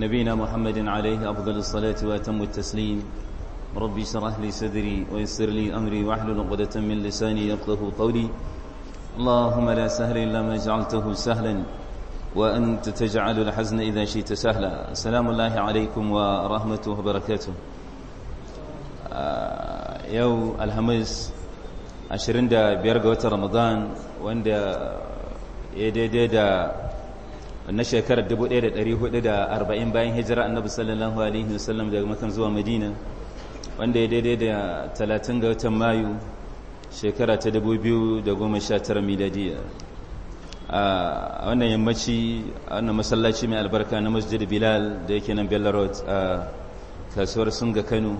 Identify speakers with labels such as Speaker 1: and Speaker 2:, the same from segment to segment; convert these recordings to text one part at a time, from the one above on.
Speaker 1: نبينا محمد عليه أفضل الصلاة وأتم التسليم ربي اشرح لي صدري ويسر لي أمري واحلل عقدة من لساني يفقه قولي اللهم لا سهل إلا ما جعلته سهلا وأنت تجعل الحزن إذا شئت سهلا سلام الله عليكم ورحمته وبركاته yau alhamis 25 رمضان watan ramadan يدي ya na shekarar 1440 bayan hijira annabi sallallahu alaihi wasallam daga makan zuwa madina wanda ya daidai da 30 ga watan mayu shekara ta 2019 miladiya a wannan yammaci a wannan masallaci mai albarka na masjid bilal da yake nan bella road a kasuwar sun ga kano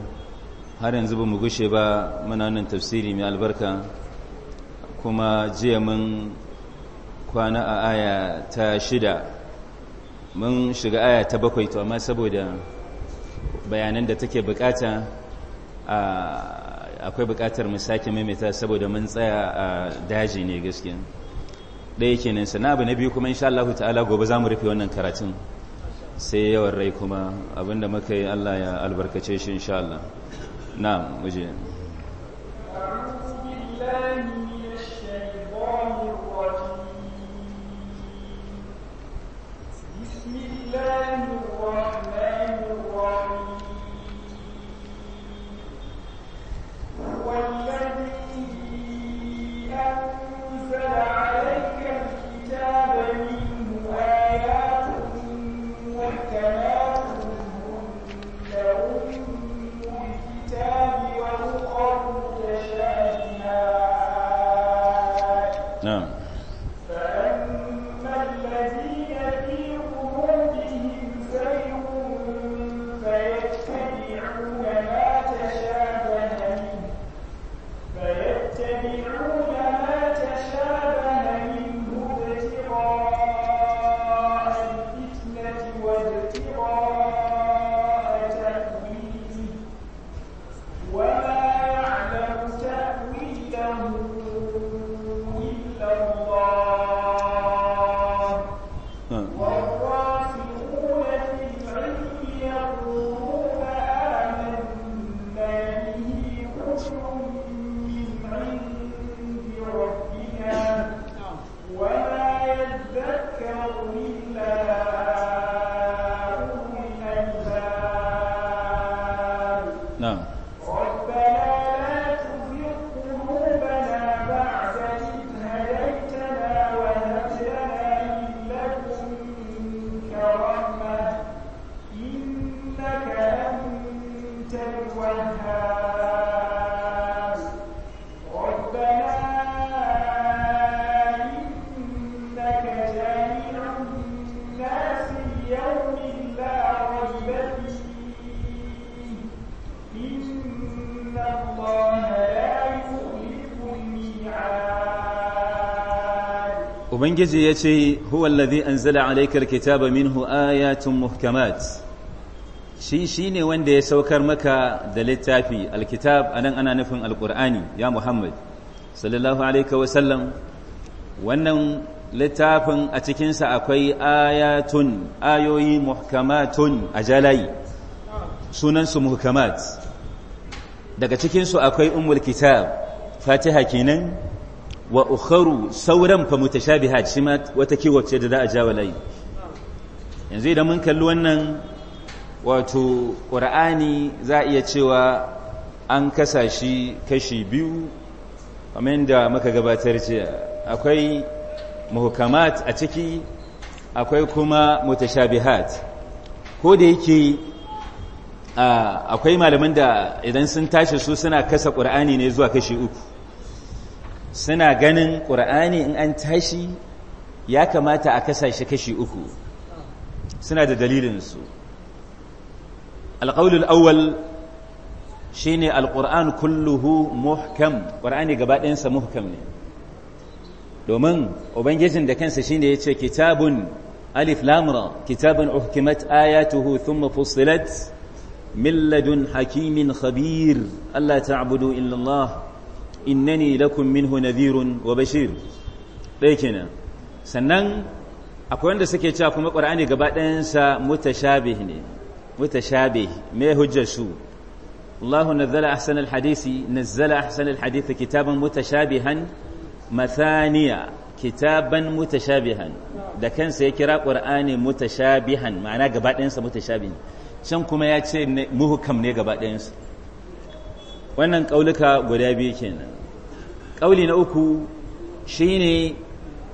Speaker 1: har yanzu ba mu gushe ba muna wannan tafsiri mai albarka kuma jiya mun kwana a aya ta shida mun shiga aya ta bakwai to amma saboda bayanan da take bukata akwai bukatar mu sake maimaita saboda mun tsaya a daji ne gaskiya ɗaya kenan sana abu na biyu kuma insha Allah ta'ala gobe za mu rufe wannan karatun sai yawan rai kuma abinda muka yi Allah ya albarkace shi insha Allah na muje
Speaker 2: أعوذ بالله أنزل عليك الكتاب منه آيات
Speaker 1: ubangiji ya ce huwa alladhi anzala alayka kitaba minhu ayatun muhkamat shi shine wanda ya saukar maka da littafi alkitab nan ana nufin alkur'ani ya muhammad sallallahu wa sallam wannan littafin a cikinsa akwai ayatun ayoyi muhkamatun a jalai sunansu muhkamat daga cikinsu akwai umul kitab fatiha kenan wa ukharu sauran fa mutashabihat shi ma wata kiwace da za a ja layi yanzu idan mun kalli wannan wato qur'ani za iya cewa an kasa shi kashi biyu kamar da muka gabatar ce akwai muhukamat a ciki akwai kuma mutashabihat ko da yake akwai malaman da idan sun tashi su suna kasa qur'ani ne zuwa kashi uku suna ganin ƙur'ani in an tashi ya kamata a kasashe kashi uku suna da dalilinsu alƙaulul awwal shi ne alƙur'an kulluhu muhkam ƙur'ani gabaɗayansa muhkam ne domin ubangijin da kansa shi ne ya ce kitabun alif lamura kitabun uhkimat ayatuhu thumma fusilat min ladun hakimin khabir Allah abudu illallah innani lakum minhu nadhirun wa bashir ɗaya kenan sannan akwai wanda suke cewa kuma ƙur'ani gaba ɗayansa mutashabih ne mutashabih me hujjar su الله نزل أحسن kitaban نزل أحسن الحديث كتابا متشابها مثانية كتابا متشابها da kansa ya kira ƙur'ani mutashabihan ma'ana gaba ɗayansa mutashabihin can kuma ya ce muhukam ne gaba wannan ƙauluka guda biyu kenan ƙauli na uku shine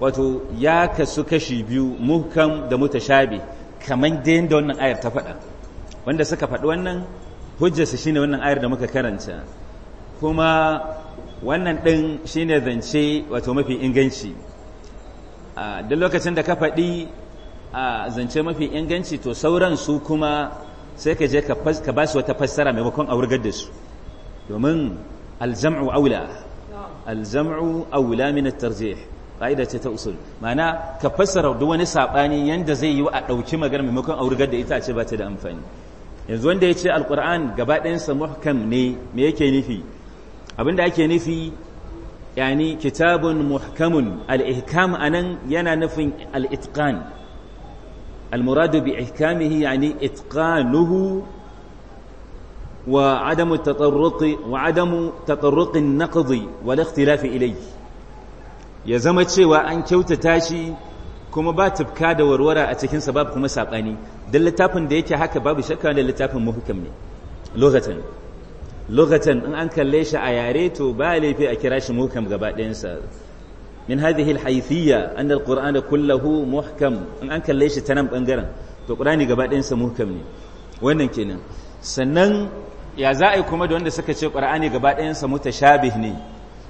Speaker 1: wato ya kasu kashi biyu muhkam da mutashabi kamar da wannan ayar ta faɗa wanda suka faɗi wannan hujjarsa shine wannan ayar da muka karanta kuma wannan ɗin shine zance wato mafi inganci duk lokacin da ka faɗi a zance mafi inganci to sauran su kuma sai ka je ka ba su wata fassara maimakon a wurgar da su domin aljam'u aula aljam'u aula min at-tarjih ce ta usul mana ka fassara duk wani saɓani yanda zai yi a ɗauki magana maimakon aurigar da ita ce ba ta da amfani yanzu wanda ya ce alƙur'an gaba ɗayansa muhkam ne me yake nufi abinda ake nufi yani kitabun muhkamun al-ihkam anan yana nufin al-itqan al-muradu bi ihkamihi yani itqanuhu وعدم التطرق وعدم تطرق النقض والاختلاف إليه ya zama cewa an kyautata shi kuma ba tufka da warwara a cikin sabab kuma saɓani don littafin da yake haka babu shakka da littafin muhukam ne lokacin lokacin in an kalle shi a yare to ba laifi a kira shi muhukam gaba ɗayansa min hadhihi alhaythiyya anna alqur'ana kullahu muhkam in an kalle shi ta nan bangaren to muhkam ne wannan sannan ya za a yi kuma da wanda suka ce ƙur'ani gaba ɗayansa mutashabih ne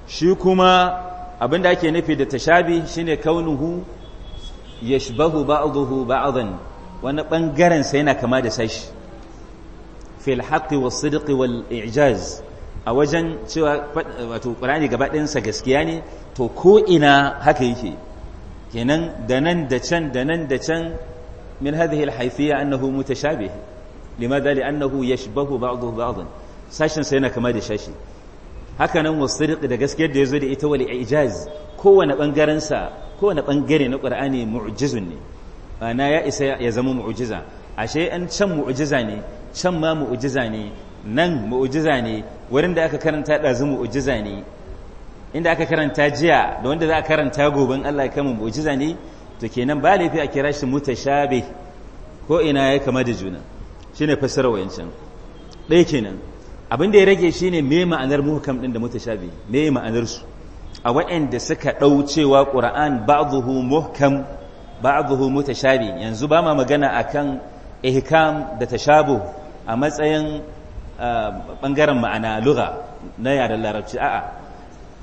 Speaker 1: shi kuma abin da ake nufi da tashabih shine kaunuhu yashbahu ba'dahu ba'dan wani bangaren sai yana kama da sashi fil haqqi was sidqi wal i'jaz a wajen cewa wato ƙur'ani gaba sa gaskiya ne to ko ina haka yake kenan da nan da can da nan da can min hadhihi al haythiyya annahu mutashabih limadha li'annahu yashbahu ba'dahu ba'dan sashin kama da shashi haka nan wasiriq da gaskiyar da yazo da ita wal ijaz kowane bangaren sa kowane bangare na qur'ani mu'jizun ne ana ya isa ya zama mu'jiza ashe an can mu'jiza ne can ma mu'jiza ne nan mu'jiza ne wurin da aka karanta dazu mu'jiza ne inda aka karanta jiya da wanda za a karanta goben Allah ya kama mu'jiza ne to kenan ba laifi a kira shi mutashabih ko ina ya kama da juna ne fassara wayancan ɗaya kenan abin da ya rage shine mai ma'anar muhkam ɗin da mutashabi me ma'anar su a wayanda suka dau cewa qur'an ba'dhuhu muhkam ba'dhuhu mutashabi yanzu ba ma magana akan ehkam da tashabu a matsayin ɓangaren ma'ana lugha na yaren larabci a'a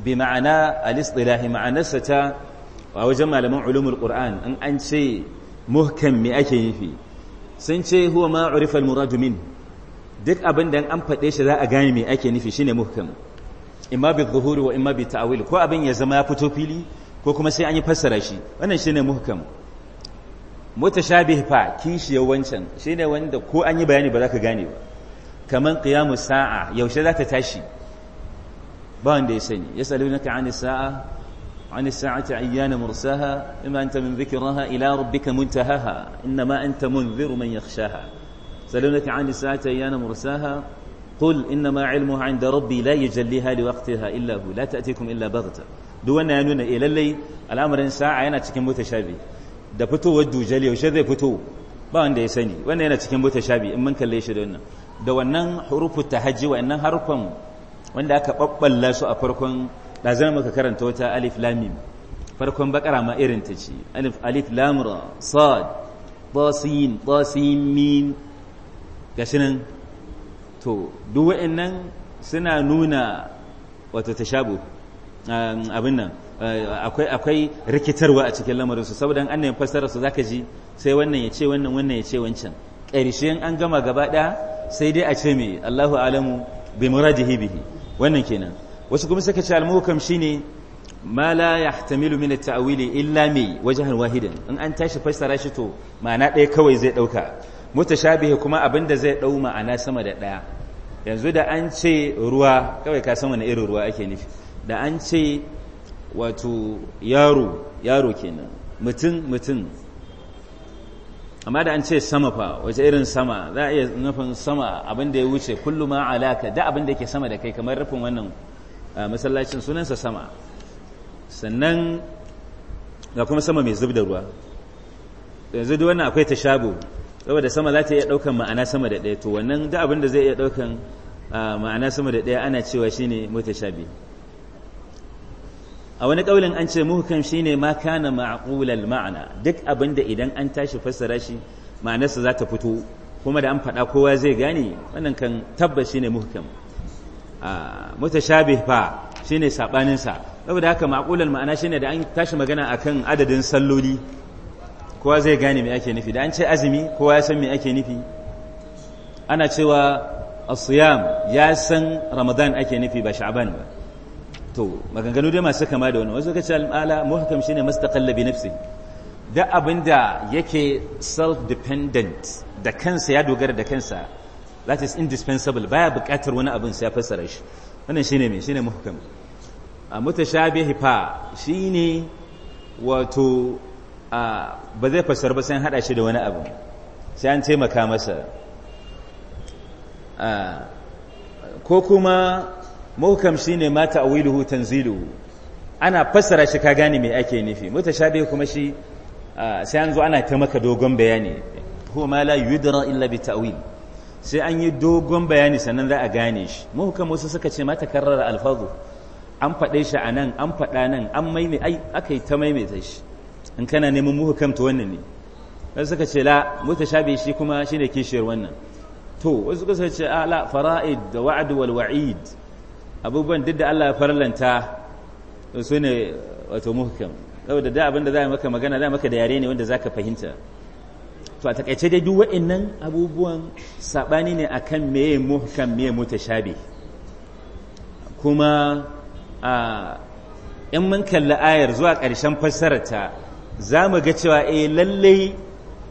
Speaker 1: bi ma'ana al ma'anarsa ta a wajen malaman ulumul qur'an in an ce muhkam me ake nufi sun ce huwa ma urifa muradu min duk abin da an faɗe shi za a gane me ake nufi shine muhkam imma bi wa imma bi ta'wil ko abin ya zama ya fito fili ko kuma sai an yi fassara shi wannan shine muhkam mutashabih fa kishi wancan shine wanda ko an yi bayani ba za ka gane ba kaman qiyamus sa'a yaushe za ta tashi ba wanda ya sani yasalunaka anis sa'a عن الساعة أيان مرساها إما أنت من ذكرها إلى ربك منتهاها إنما أنت منذر من يخشاها سألونك عن الساعة أيان مرساها قل إنما علمها عند ربي لا يجليها لوقتها إلا هو لا تأتيكم إلا بغتة دون أن ينون إلى اللي الأمر إن ساعة أنا تكن متشابه da fitowar dujali yaushe zai fito ba wanda ya sani wannan yana cikin mutashabi in mun kalle shi da wannan da wannan hurufu tahajji wa'annan harfan wanda aka babballa su a farkon da zan maka karanta wata alif mim farkon bakara ma irin ta ce alif alif ra sad tasin tasin mim gashi nan to duk wa'annan suna nuna wato tashabu um, abin nan uh, akwai akwai rikitarwa a cikin lamarin su saboda an ne fassara su zaka ji sai wannan ya ce wannan wannan ya ce wancan ƙarshen an gama gaba ɗaya sai dai a ce me Allahu alamu bi muradihi bihi wannan kenan wasu kuma suka ce al-muhkam shine ma la yahtamilu min at tawili illa mi wajhan wahidan in an tashi fassara shi to ma'ana ɗaya kawai zai dauka mutashabihi kuma abinda zai dau ma'ana sama da ɗaya yanzu da an ce ruwa kawai ka san wani irin ruwa ake nufi da an ce wato yaro yaro kenan mutum mutum amma da an ce sama fa wace irin sama za a iya nufin sama abin ya wuce kullum ma alaka da abin ke sama da kai kamar rufin wannan masallacin sunansa sama sannan ga kuma sama mai zub da ruwa yanzu duk wannan akwai tashabu saboda sama za ta iya ɗaukan ma'ana sama da ɗaya to wannan duk abin da zai iya ɗaukan ma'ana sama da ɗaya ana cewa shine mutashabi a wani ƙaulin an ce muhkam shine ma kana ma'qulal ma'ana duk abin da idan an tashi fassara shi ma'anarsa za ta fito kuma da an faɗa kowa zai gane wannan kan tabbas shine muhkam Ah, mutashabih fa shine sabanin sa saboda haka maqulal ma'ana shine da an tashi magana akan adadin salloli kowa zai gane me ake nufi da an ce azumi kowa ya san me ake nufi ana cewa asiyam siyam ya san ramadan ake nufi ba sha'ban ba to maganganu dai masu kama da wani wasu kace al-ala muhkam shine mastaqalla bi nafsi da abinda yake self dependent da kansa ya dogara da kansa that is indispensable baya buƙatar wani abin sai ya fassara shi wannan shine me shine muhkam a mutashabihi fa shine wato ba zai fassar ba sai hada shi da wani abu sai an taimaka masa ko kuma muhkam shine ma ta'wiluhu tanziluhu ana fassara shi ka gane me ake nufi mutashabihi kuma shi sai an zo ana taimaka dogon bayani huwa ma la yudra illa bi ta'wil sai an yi dogon bayani sannan za a gane shi muhukan wasu suka ce mata karrara alfazu an faɗe shi a nan an faɗa nan an maimai ai aka yi ta maimaita shi in kana neman muhukam ta wannan ne wasu suka ce la muta shabe shi kuma shi ne kishiyar wannan to wasu suka ce a la fara'id da wa'ad wal wa'id abubuwan duk da Allah ya farlanta su ne wato muhukam saboda da abin da za a maka magana za maka da yare ne wanda za ka fahimta to a takaice dai duk wa'annan abubuwan sabani ne akan meye muhkam meye mutashabi kuma a in mun kalli ayar zuwa ƙarshen fassarar za mu ga cewa eh lallai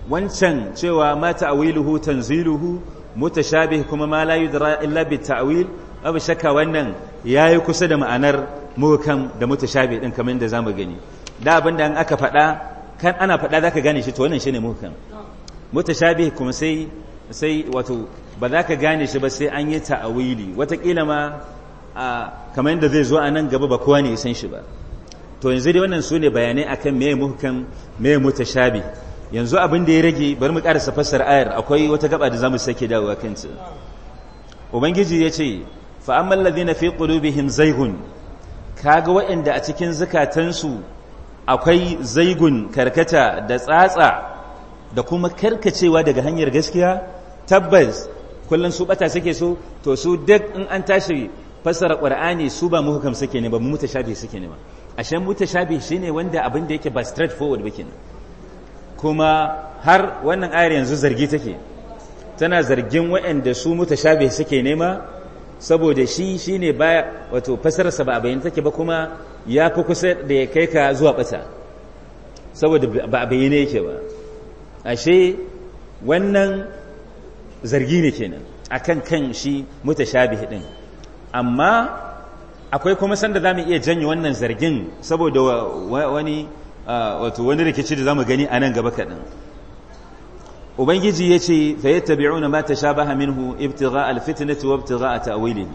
Speaker 1: wancan cewa ma ta'wiluhu tanziluhu mutashabih kuma ma la yudra illa bi ta'wil abu shakka wannan yayi kusa da ma'anar muhkam da mutashabih din kamar za zamu gani da abinda an aka faɗa kan ana faɗa zaka gane shi to wannan shine muhkam mutashabih kuma sai sai wato ba za ka gane shi ba sai an yi ta'awili watakila ma kamar yadda zai zo a nan gaba ba kowa ne san shi ba to yanzu dai wannan su bayanai akan me muhkam me mutashabi yanzu abin da ya rage bari mu karasa fassar ayar akwai wata gaba da zamu sake dawowa kanta ubangiji ya ce fa amma alladhina fi qulubihim zaygun kaga waɗanda a cikin zakatansu akwai zaigun karkata da tsatsa da kuma karkacewa daga hanyar gaskiya tabbas kullum su bata suke so to su duk in an tashi fassara qur'ani su ba muhkam suke ne ba mu mutashabih suke ne ba ashe mutashabih shine wanda abin da yake ba straight forward ba kenan kuma har wannan ayar yanzu zargi take tana zargin waɗanda su mutashabih suke nema saboda shi shine baya wato fasararsa ba a take ba kuma ya fi kusa da ya kai ka zuwa bata saboda ba a yake ba ashe wannan zargi ne kenan akan kan shi mutashabihi din amma akwai kuma sanda zamu iya janye wannan zargin saboda wani wato wani rikici da zamu gani a nan gaba kaɗan ubangiji ya ce fayattabi'una ma tashabaha minhu ibtigha alfitnati wa a ta'wilihi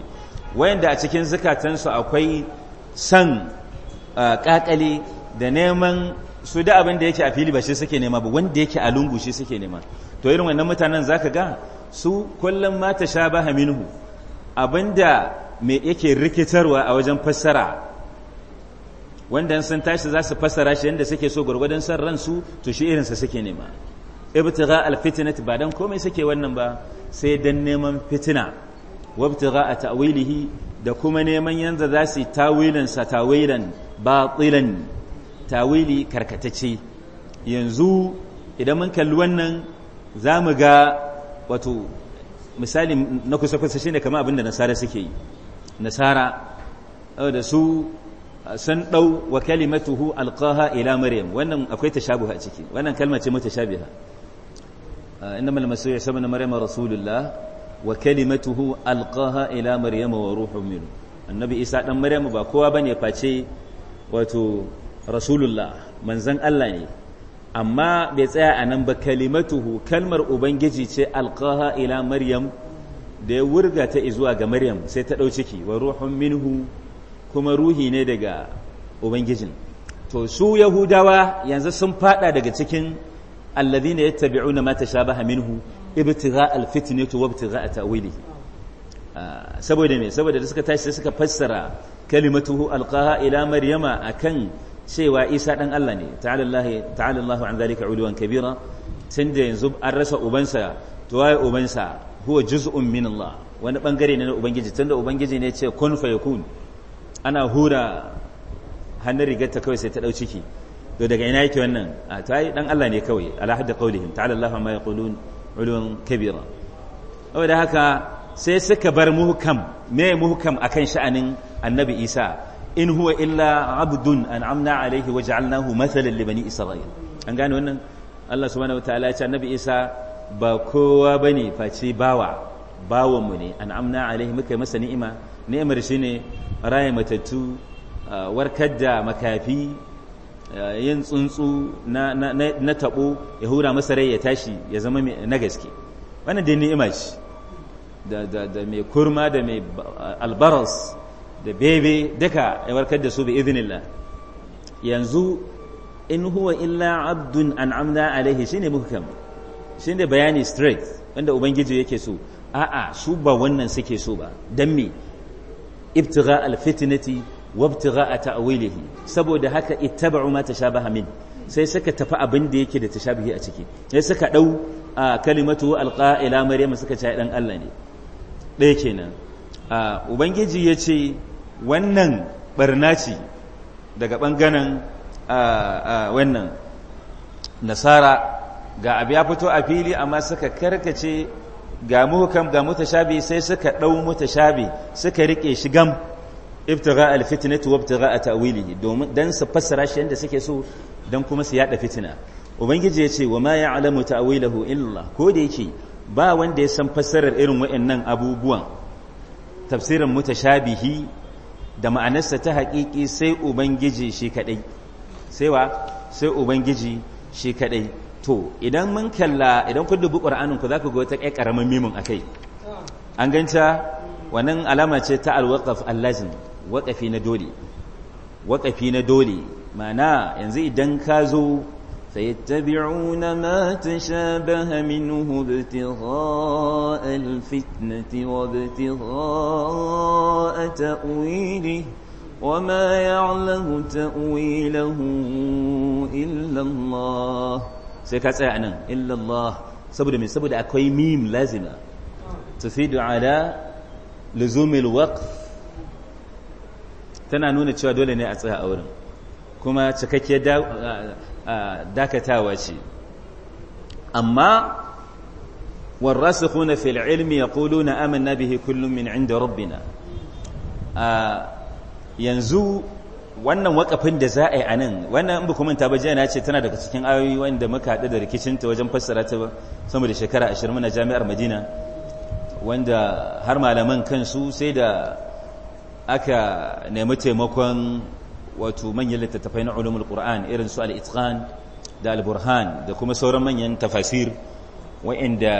Speaker 1: wayanda a cikin zakatansu akwai san kakali da neman su da abin da yake a fili ba shi suke nema ba wanda yake a lungu shi suke nema to irin wannan mutanen zaka ga su kullum ma ta sha ba minhu abinda me yake rikitarwa a wajen fassara wanda sun tashi za su fassara shi yadda suke so gwargwadon san ransu to shi irinsa suke nema ibtigha alfitnat ba dan komai suke wannan ba sai dan neman fitina wabtigha a ta'wilihi da kuma neman yanzu za su yi tawilansa tawilan batilan tawili karkatacce yanzu idan mun kalli wannan za mu ga wato misali na kusa-kusa shi ne kama abinda nasara suke yi nasara eh, da su eh, sun ɗau wa kalimatuhu alƙaha ila maryam wannan akwai tashabuha a ciki wannan kalma ce mutashabiha eh, innamal masih isa ibn maryam rasulullah wa kalimatuhu alqaha ila maryam wa ruhun minhu annabi isa dan maryam ba kowa ba ne face wato rasulullah manzan Allah ne amma bai tsaya a nan ba kalimatuhu kalmar ubangiji ce alqaha ila maryam da ya wurga ta zuwa ga maryam sai ta ɗau ciki wa ruhun minhu kuma ruhi ne daga ubangijin to su yahudawa yanzu sun fada daga cikin alladhina yattabi'una sha baha minhu ibtigha alfitnati wa ibtigha ta'wili ah, saboda ne saboda da suka tashi sai suka fassara kalimatuhu alqaha ila maryama akan cewa isa ɗan Allah ne ta'ala an zalika uluwan kabira tun da yanzu an rasa ubansa to waye ubansa huwa juz'un min Allah wani bangare ne na ubangiji tunda ubangiji ne ce kun yakun ana hura hannun rigar ta kawai sai ta dau ciki to daga ina yake wannan a to ai dan Allah ne kawai ala hadda qaulihim ta'ala Allah ma yaqulun ulun kabira saboda haka sai suka bar muhkam me muhkam akan sha'anin annabi Isa in huwa illa abdun an'amna alaihi wa ja'alnahu mathalan li bani isra'il an gane wannan Allah subhanahu ta'ala ya ce Isa ba kowa bane face bawa bawan mu ne Amna alaihi muka masa ni'ima ni'imar shine raya matattu warkar da makafi yin tsuntsu na na tabo ya hura masa rai ya tashi ya zama na gaske wannan dai ni'ima ce da mai kurma da mai albaras da bebe duka ya warkar da su bi idinillah yanzu in huwa illa abdun an'amna alaihi shine muhkam shine bayani straight wanda ubangiji yake so a'a su ba wannan suke so ba dan me ibtigha alfitnati wa ibtigha ta'wilihi saboda haka ittaba'u ma tashabaha min sai suka tafi abin da yake da tashabihi a ciki sai suka dau kalimatu alqa'ila maryam suka ce dan Allah ne ɗaya kenan ubangiji yace wannan barna ce daga ɓangaren wannan nasara ga abu ya fito a fili amma suka karkace ga muhukam ga mutashabi sai suka ɗau mutashabi suka riƙe shi gam ibtiga alfitnatu wabtiga ta'wilihi domin don su fassara shi yanda suke so don kuma su yada fitina ubangiji ya ce wa ma alamu ta'wilahu illa ko da yake ba wanda ya san fassarar irin wa'annan abubuwan tafsirin mutashabihi da ma'anarsa ta haƙiƙi sai ubangiji shi kaɗai sai wa sai ubangiji shi kaɗai to idan mun kalla idan kun dubi ƙur'anin ku za ku ga wata ƙai ƙaramin mimin a kai an ganta wannan alama ce ta alwaƙaf allazin waƙafi na dole waƙafi na dole ma'ana yanzu idan ka zo فيتبعون ما تشابه منه ابتغاء الفتنة وابتغاء تأويله وما يعلم تأويله إلا الله سيكاس أنا إلا الله سبدا من سبدا أكوي ميم لازمة تفيد على لزوم الوقف تنانون تشوى دولة dole ne كما tsaya a dakatawa ce amma والراسخون في na يقولون na به kullum min inda ربنا yanzu wannan wakafin da za a yi a nan wannan in ba ta bajiya na ce tana daga cikin ayoyi wanda muka haɗu da rikicinta wajen fassara ta sama da shekara ashirin na jami'ar madina wanda har malaman kansu sai da aka nemi taimakon wato manyan littattafai na ulumul qur'an irin su al-itqan da al-burhan da kuma sauran manyan tafasir wa'inda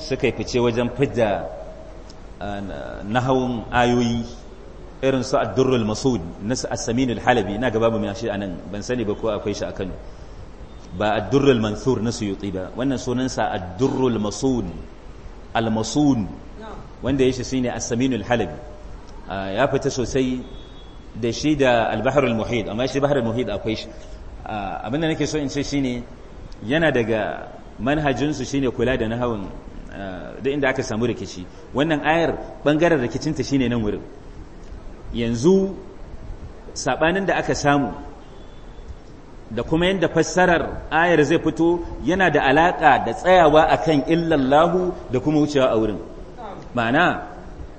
Speaker 1: suka fice wajen fidda ah, nahawun ayoyi irin su ad-durrul masud na as-samin al-halabi na gaba ba mai shi anan ban sani ba ko akwai shi a Kano ba ad-durrul mansur na suyuti ba wannan sunansa ad-durrul masud al-masud wanda ya shi shine as-samin al-halabi ah, ya fita sosai da shi da al muhid amma shi al muhid akwai shi abin da nake so in ce shine yana daga manhajinsu shine kula da nahawun da inda aka samu rikici wannan ayar bangaren rikicinta shine nan wurin yanzu sabanin da aka samu da kuma yadda fassarar ayar zai fito yana da alaƙa da tsayawa akan illallahu da kuma wucewa a wurin ma'ana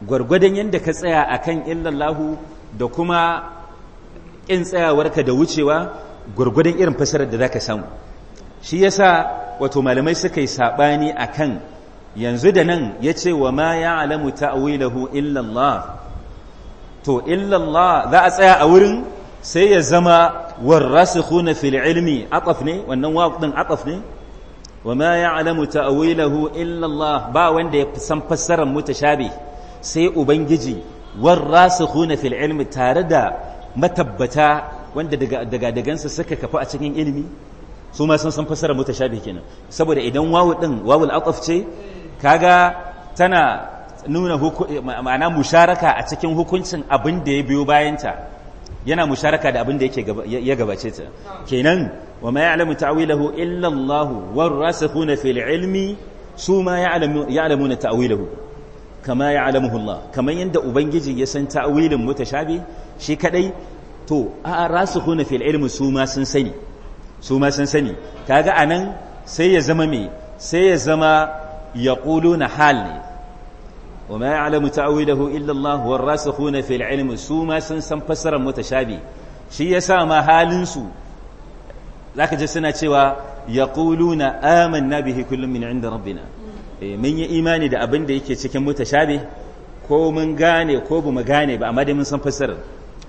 Speaker 1: gwargwadon yanda ka tsaya akan illallahu da kuma in tsayawarka da wucewa gurgudan irin fasarar da ka samu shi yasa wato malamai suka yi a akan yanzu da nan yace wa ma ya'lamu ta'wilahu illa illallah to illallah za a tsaya a wurin sai ya zama warasikhuna fil ilmi ataf ne wannan waqt din ne wa ma ya'lamu ta'wilahu illa illallah ba wanda ya san fassarar mutashabi sai ubangiji warrasikhuna fil ilmi tare da matabbata wanda daga daga dagansa suka kafa a cikin ilimi su ma sun san fasara mutashabih kenan saboda idan wawu din wawul ataf ce kaga tana nuna ma'ana musharaka a cikin hukuncin abin da ya biyo bayanta yana musharaka da abin da yake ya gabace ta kenan wa ma ya'lamu ta'wilahu illa Allah warrasikhuna fil ilmi su ma ya'lamu ya'lamuna ta'wilahu kama ya alamuhullah kamar yadda ubangiji ya san ta'awilin mutashabi shi kadai to a rasukhuna fil ilmi su ma sun sani su ma sun sani kaga anan sai ya zama me sai ya zama yaquluna hal ne wa ma ya'lamu ta'wilahu illa Allah war rasikhuna su ma sun san fasaran mutashabi shi halin su zaka ji suna cewa yaquluna amanna bihi kullum min inda Eh, mun yi imani da abin da yake cikin mutashabi ko mun gane ko bamu gane ba amma dai mun san fassarar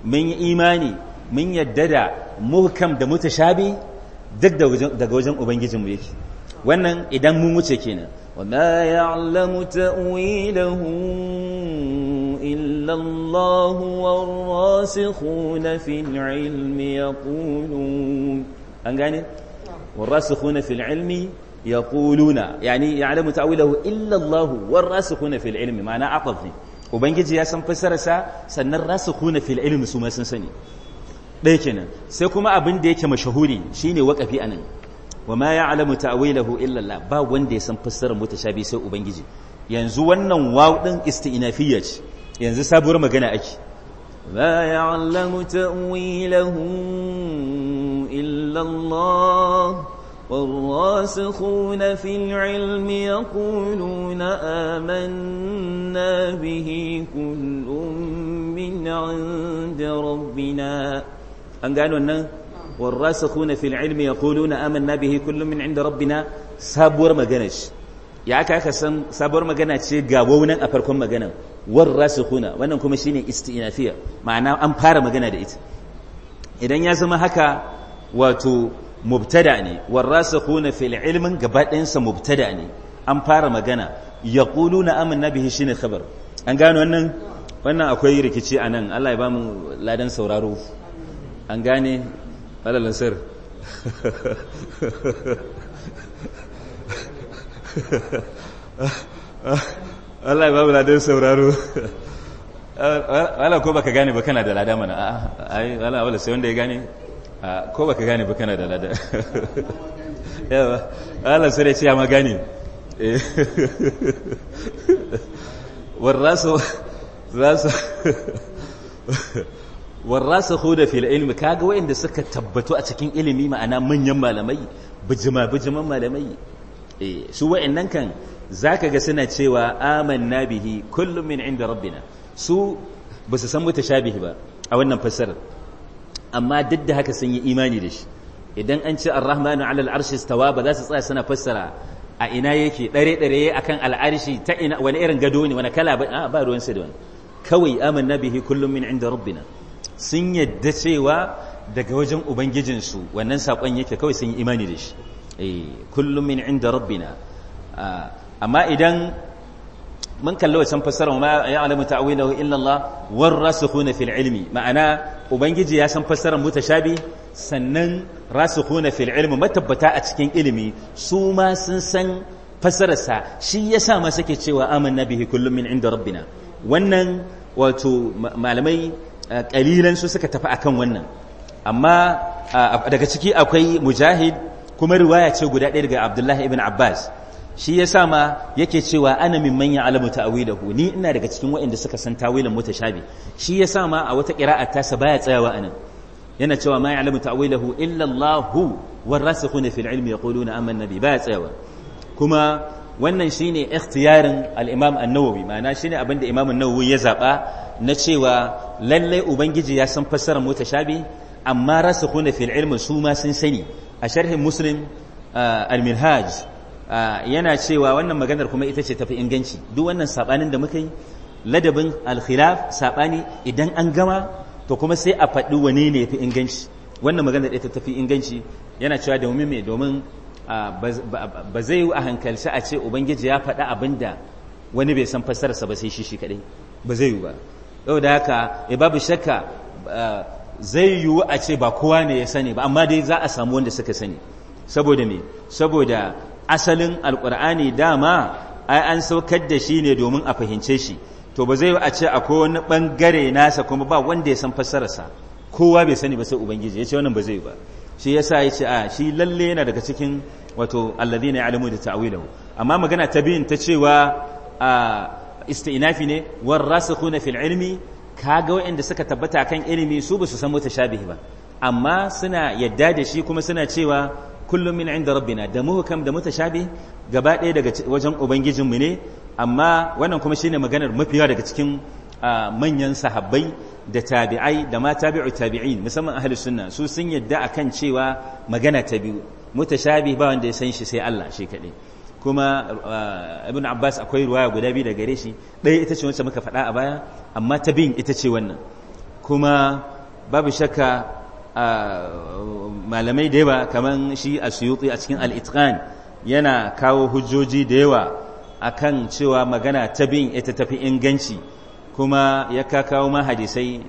Speaker 1: mun yi imani mun yadda da muhkam da mutashabi duk daga wajen ubangijin ubangijinmu yake wannan idan mun wuce kenan وما يعلم تأويله إلا الله ilmi An gane? يقولون أنقاني والراسخون في ilmi yaquluna yani ya'lamu ta'wilahu illa Allah war rasikhuna fil ilmi ma'ana aqaf ubangiji ya san fassara sa sannan rasikhuna fil ilmi su ma sun sani ɗaya kenan sai kuma abin da yake mashahuri shine waqafi anan wa ma ya'lamu ta'wilahu illa Allah ba wanda ya san mota shabi sai ubangiji yanzu wannan waw din isti'nafiyya ce yanzu sabuwar magana ake la ya'lamu ta'wilahu illa Allah والراسخون في العلم يقولون آمنا به كل من عند ربنا أن قالوا أنه والراسخون في العلم يقولون آمنا به كل من عند ربنا سابور مغنش يا كاكا سم سابور مغنش قاوونا أفركم مغنم والراسخون وأنهم كمشيني استئنافية معناه أم فار مغنى دائت إذن يا زمهكا واتو mubtada ne warasikhuna fil ilmin gabaɗayansa mubtada ne an fara magana yaquluna na bihi shine khabar an gano wannan wannan akwai rikici Allah ya bamu ladan sauraro an gane alalan sir Allah ya ladan sauraro wala ko baka gane ba kana da lada mana wala wala sai wanda ya gane ko baka gane ba kana da lada yawa Allah sai ce ya magani eh. warasu rasu warasu huda fil ilmi kaga wayanda suka tabbatu a cikin ilimi ma'ana manyan malamai bijima bijiman malamai eh su wayannan kan zaka ga suna cewa amanna bihi kullum min inda rabbina su basu su san mutashabihi ba a wannan fassarar amma duk da haka sun yi imani da shi idan an ce ar-rahmanu ala al-arshi stawa ba za su tsaya suna fassara a ina yake dare dare akan al-arshi ta ina wani irin gado ne wani kala ba ba ruwan su da wani kawai amanna bihi kullum min inda rabbina sun yadda cewa daga wajen ubangijinsu wannan sakon yake kawai sun yi imani da shi eh kullum min inda rabbina ah, amma idan mun kalli wacan fassara ma ya alamu ta'awilahu illa Allah warasikhuna fil ilmi ma'ana ubangiji ya san fassarar mutashabi sannan rasikhuna fil ilmi matabbata a cikin ilimi su ma sun san fassararsa shi yasa ma ke cewa amanna bihi kullum min inda rabbina wannan wato malamai kalilan eh, su suka tafi akan wannan amma eh, daga ciki akwai mujahid kuma riwaya ce guda ɗaya daga abdullahi Ibin abbas shi ya sa ma yake cewa ana min manya alamu ta'awilahu ni ina daga cikin waɗanda suka san tawilan mutashabi shi ya sa ma a wata qira'a tasa baya tsayawa anan yana cewa ma ya'lamu ta'awilahu illa Allahu ya fil ilmi yaquluna amanna bi baya tsayawa kuma wannan shine ikhtiyarin al-Imam An-Nawawi ma'ana shine abin da Imam An-Nawawi ya zaba na cewa lallai ubangiji ya san fassarar mutashabi amma rasikhuna fil ilmi su ma sun sani a sharhin Muslim uh, al-Minhaj Ah, yana cewa wannan maganar kuma ita ce tafi inganci duk wannan sabanin da muka yi ladabin alkhilaf sabani idan an gama to kuma sai a faɗi wane ne yafi inganci wannan maganar ita tafi inganci yana cewa domin me domin ah, ba zai yi a hankalci a ce ubangiji ya faɗi abin da wani bai san fassararsa ba sai shi shi kaɗai ba zai yi ba yau da haka e babu shakka ah, zai yiwu a ce ba kowa ne ya sani ba amma dai za a samu wanda suka sani saboda me saboda asalin alƙur'ani dama ai an saukar da shi ne domin a fahimce shi to ba zai a ce akwai wani ɓangare nasa kuma ba wanda ya san fassararsa kowa bai sani ba sai ubangiji ya ce wannan ba zai ba shi ya sa ya ce a ah, shi lalle yana daga cikin wato allazi na alamu da ta'awilahu amma magana ta biyun ta cewa a ah, isti'nafi ne war rasikhuna fil ilmi kaga waɗanda suka tabbata kan ilimi su ba su san mutashabihi ba amma suna yadda da shi kuma suna cewa kullum min inda rabbina da kam da mutashabi gaba ɗaya daga wajen ubangijinmu ne amma wannan kuma shine maganar mafiya daga cikin manyan sahabbai da tabi'ai da ma tabi'u tabi'in musamman ahli sunna su sun yadda akan cewa magana ta biyu mutashabi ba wanda ya san shi sai Allah shi kaɗai kuma ibn Abbas akwai ruwaya guda biyu daga gare shi ɗaya ita ce wacce muka faɗa a baya amma ta bin ita ce wannan kuma babu shakka malamai da yawa kamar shi a suyuti a cikin al'itkan yana kawo hujjoji da yawa akan cewa magana ta bin ita tafi inganci kuma ya kawo ma hadisai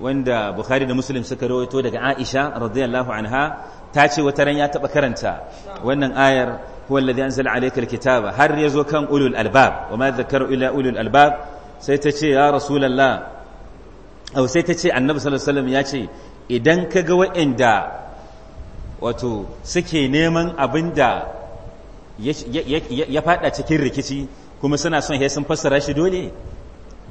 Speaker 1: wanda bukhari da muslim suka rawaito daga aisha radiyallahu anha ta ce wata ran ya taɓa karanta wannan ayar huwa alladhi anzala alayka alkitaba har yazo kan ulul albab wa ma dhakara ila ulul albab sai ta ce ya rasulullah aw sai ta ce annabi sallallahu alaihi wasallam ya ce idan ka ga waɗanda wato suke neman abin da ya fada cikin rikici kuma suna son ya sun fassara shi dole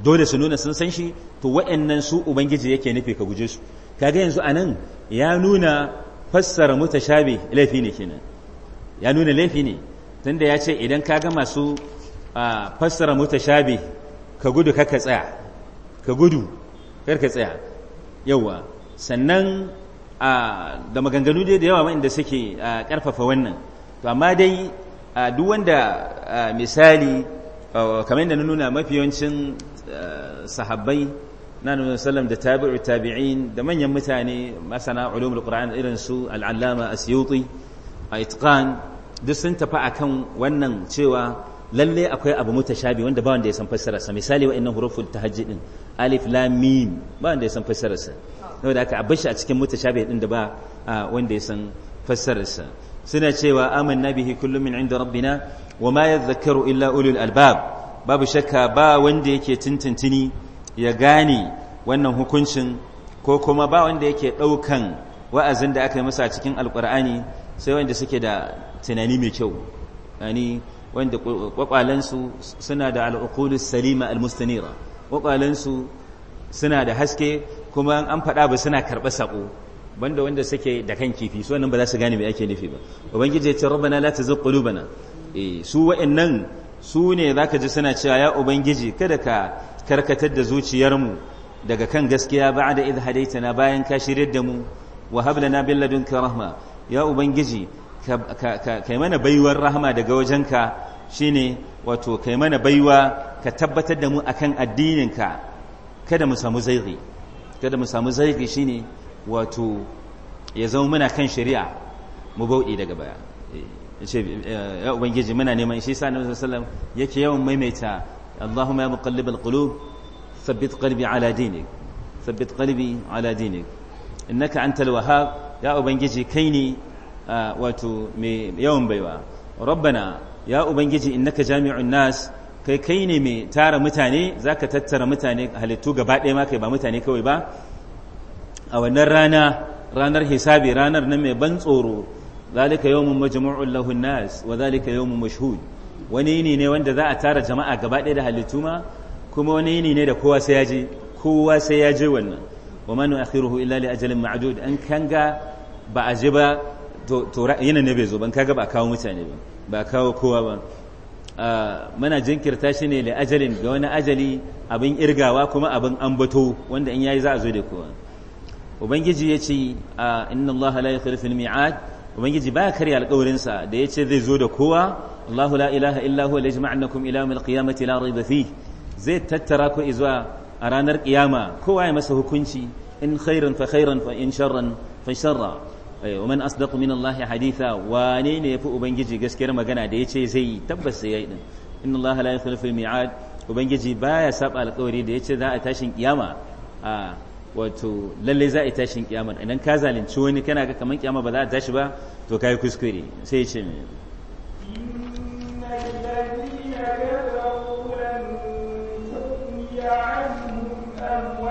Speaker 1: dole su nuna sun san shi to waɗannan su ubangiji yake nufi ka guje su kaga yanzu anan ya nuna fassara mutashabi laifi ne kenan ya nuna laifi ne tunda ya ce idan ka ga masu fassara mutashabi ka gudu ka tsaya ka gudu kar ka tsaya sannan da maganganu dai da yawa wanda suke karfafa wannan to amma dai duk wanda misali kamar yadda na nuna mafi yawancin sahabbai na nuna sallam da tabi'u tabi'in da manyan mutane masana ulumul qur'an irin su al'allama asyuti a itqan duk sun tafi akan wannan cewa lalle akwai abu mutashabi wanda ba wanda ya san fassararsa misali wa'annan huruful tahajjud din alif lam mim ba wanda ya san fassararsa saboda haka a shi a cikin shabe din da ba wanda ya san fassararsa suna cewa amanna bihi kullum min inda rabbina wa ma yadhakkaru illa ulul albab babu shakka ba wanda yake tintintini ya gane wannan hukuncin ko kuma ba wanda yake daukan wa'azin da aka yi masa a cikin alqur'ani sai wanda suke da tunani mai kyau yani wanda kwakwalansu suna da al'uqulus salima almustanira kwakwalansu suna da haske kuma an faɗa ba suna karɓa saƙo banda wanda suke da kan kifi su wannan ba za su gane me ake nufi ba ubangiji ya ce rabbana la tuzigh qulubana eh su wa'annan su ne zaka ji suna cewa ya ubangiji kada ka karkatar da zuciyarmu daga kan gaskiya ba'da idh hadaitana bayan ka shiryar da mu wa hab lana bil ladunka rahma ya ubangiji kai mana baiwar rahma daga wajenka shine wato kai mana baiwa ka tabbatar da mu akan addininka kada mu samu zairi kada mu samu zargi shine wato ya zama muna kan shari'a mu bauɗi daga baya eh, eh, ya ubangiji muna neman shi sa annabi sallallahu yake yawan maimaita Allahumma ya muqallibal qulub thabbit qalbi ala dinik thabbit qalbi ala dinik innaka antal wahhab ya ubangiji kai ne ah, wato mai yawan baiwa rabbana ya ubangiji innaka jami'un nas kai kai ne mai tara mutane za ka tattara mutane halittu gaba ɗaya ma kai ba mutane kawai ba a wannan rana ranar hisabi ranar nan mai ban tsoro zalika mun majmu'un lahun nas wa zalika mun mashhud wani yini ne wanda za a tara jama'a gaba ɗaya da halittu ma kuma wani yini ne da kowa sai ya je kowa sai ya je wannan wa man akhiruhu illa li ajalin ma'dud an kanga ba a je ba to yana ne bai zo ban kaga ba a kawo mutane ba ba a kawo kowa ba Ah, mana jinkirta shi ne ajalin ga wani ajali abin irgawa kuma abin ambato wanda in yayi za a zo da kowa ubangiji ya ce ah, inna allaha la yukhlifu al-mi'ad ubangiji baya karya alƙawarin sa da yace zai zo da kowa allahu la ilaha illa huwa lajma'annakum ila yawm al-qiyamati la rayba fi zai tattara ku zuwa a ranar kiyama kowa ya masa hukunci in khairan fa khairan fa in sharran fa sharra Eh, wa man asdaqu hadisa Allah haditha wane ne yafi ubangiji gaskiyar magana da yace zai yi tabbas sai din inna Allah la yukhlifu al ubangiji baya saba alƙawari da yace za a tashin wato lalle za a tashin kiyama idan ka zalunci wani kana ga kamar kiyama ba za a tashi ba to kai kuskure sai ya ce
Speaker 2: عنهم أموالهم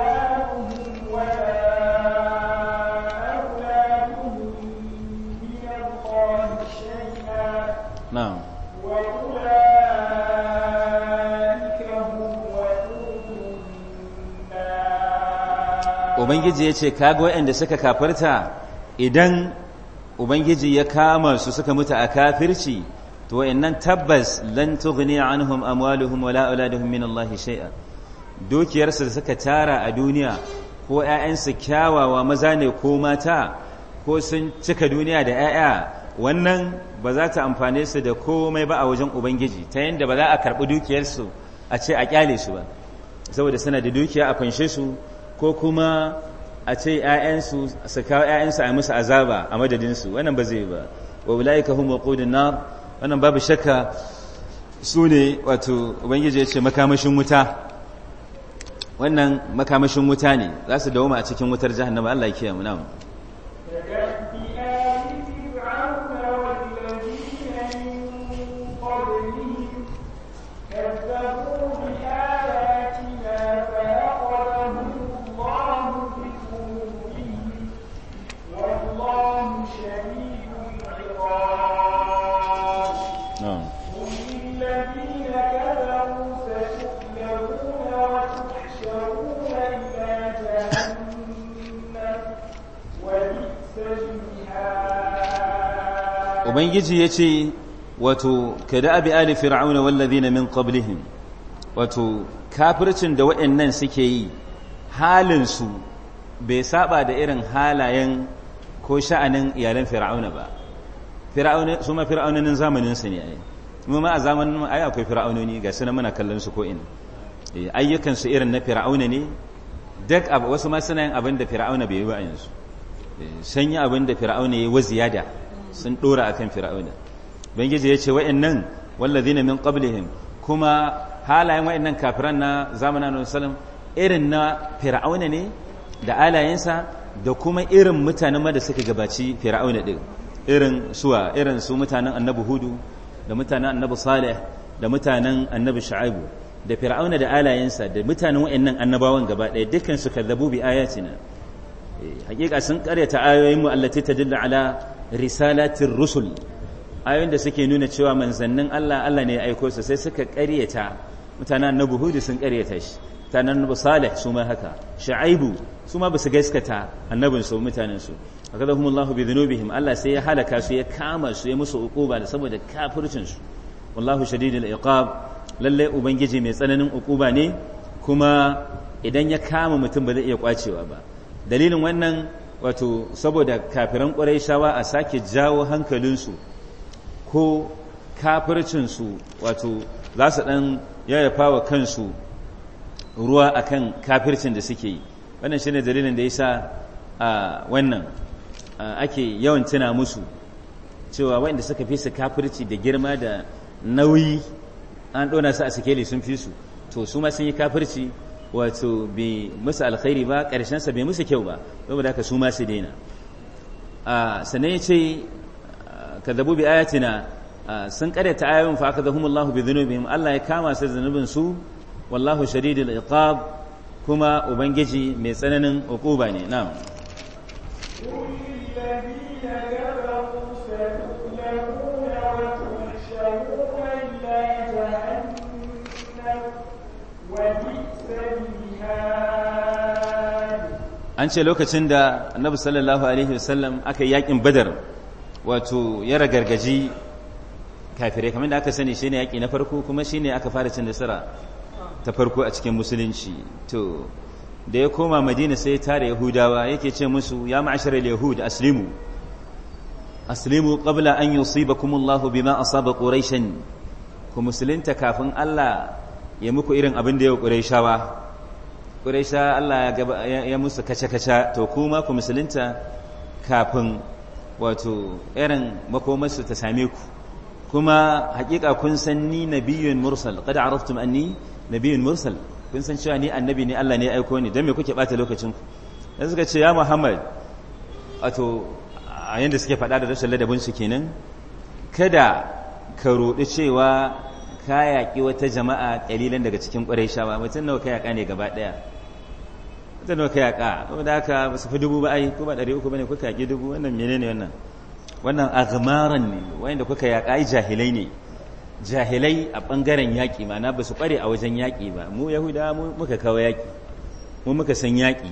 Speaker 1: ubangiji ya ce kaga waɗanda suka kafarta idan ubangiji ya kama su suka mutu a kafirci to waɗannan tabbas lan tughni anhum amwaluhum wala auladuhum min Allah shay'a dukiyarsu da suka tara a duniya ko ƴaƴansu kyawawa maza ne ko mata ko sun cika duniya da ƴaƴa wannan ba za ta amfane su da komai ba a wajen ubangiji ta yadda ba za a karɓi dukiyarsu a ce a kyale su ba saboda suna da dukiya a fanshe su ko kuma a ce ‘ya'yansu su kawo ‘ya'yansu a musu azaba a madadinsu wannan ba zai ba wa wula'ika hun waƙudin na wannan babu shakka su ne wato ubangiji ya ce makamashin wuta wannan makamashin wuta ne za su dawo a cikin wutar jihannama Allah ya kiyaye mu na'am ubangiji ya ce wato ka da abi ali fir'auna wallazina min qablihim wato kafircin da waɗannan suke yi halinsu bai saba da irin halayen ko sha'anin iyalan fir'auna ba fir'auna su ma fir'aunonin zamanin su ne ai mu ma a zamanin mu ai akwai fir'aunoni ga su muna kallon su ko ina eh, ayyukansu irin na fir'auna ne duk wasu ma suna yin abin da fir'auna bai yi ba yanzu eh, sun abin da fir'auna ya yi wa ziyada sun dora akan fir'auna ubangiji ya ce wa'annan wallazina min qablihim kuma halayen wa'annan kafiran na zamanin annabi sallallahu irin na fir'auna ne da alayensa da kuma irin mutanen ma da suka gabaci fir'auna din irin suwa irin su mutanen annabi hudu da mutanen annabi salih da mutanen annabi shu'aib da fir'auna da alayensa da mutanen wa'annan annabawan gaba ɗaya dukkan su kazzabu bi ayatina eh, hakika sun karyata ayoyin mu allati tadullu ala risalatin rusul ayoyin da suke nuna cewa manzannin Allah Allah ne ya aiko su sai suka ƙaryata mutanen na buhudu sun ƙaryata shi mutanen na salih su ma haka sha'aibu su ma basu gaskata annabin su mutanen su akadahum Allah bi dhunubihim Allah sai ya halaka su ya kama su ya musu uquba da saboda kafircin su wallahu shadidul iqab lalle ubangiji mai tsananin uquba ne kuma idan ya kama mutum ba zai iya kwacewa ba dalilin wannan wato saboda kafiran ƙwarai shawa a sake jawo hankalinsu ko kafircinsu wato za su ɗan yayyafa wa kansu ruwa akan kafircin da suke yi wannan shine dalilin da ya sa a wannan ake yawan tuna musu cewa wanda suka fi su kafirci da girma da nauyi an ɗona su a sikeli sun fi su to su ma sun yi kafirci wato bai musu alkhairi ba sa bai musu kyau ba saboda haka su ma su daina sannan ya ce ka zabu bi ayatina sun karyata ayoyin fa akadahum Allahu bi dhunubihim Allah ya kama su zunubin su wallahu shadidul iqab kuma ubangiji mai tsananin uquba ne na'am an ce lokacin da annabi sallallahu alaihi wasallam aka yakin badar wato ya ragargaji kafirai kamar da aka sani shine yaki na farko kuma shine aka fara cin nasara ta farko a cikin musulunci to da ya koma madina sai tare tara yahudawa yake ce musu ya ma'ashar yahud aslimu aslimu qabla an yusibakum Allahu bima asaba quraishan ku musulunta kafin Allah ya muku irin abin da ya quraishawa ƙuraisha Allah ya musu kace-kace to kuma ku musulunta kafin wato irin makomarsu ta same ku kuma hakika kun san ni nabiyun mursal kada araftum anni nabiyun mursal kun san cewa ni annabi ne Allah ne aiko ni don me kuke bata lokacin ku dan suka ce ya Muhammad wato a yanda suke faɗa da rashin ladabin su kenan kada ka roɗi cewa ka yaƙi wata jama'a ƙalilan daga cikin ƙwarai shawa mutum nawa ka yaƙa ne gaba ɗaya ta nawa ka yaƙa saboda haka ba su fi dubu ba ai ko ba ɗari uku ba ne kuka yaƙi dubu wannan mene ne wannan wannan agmaran ne wanda kuka yaƙa ai jahilai ne jahilai a ɓangaren yaƙi ma na ba su ƙware a wajen yaƙi ba mu yahuda mu muka kawo yaƙi mu muka san yaƙi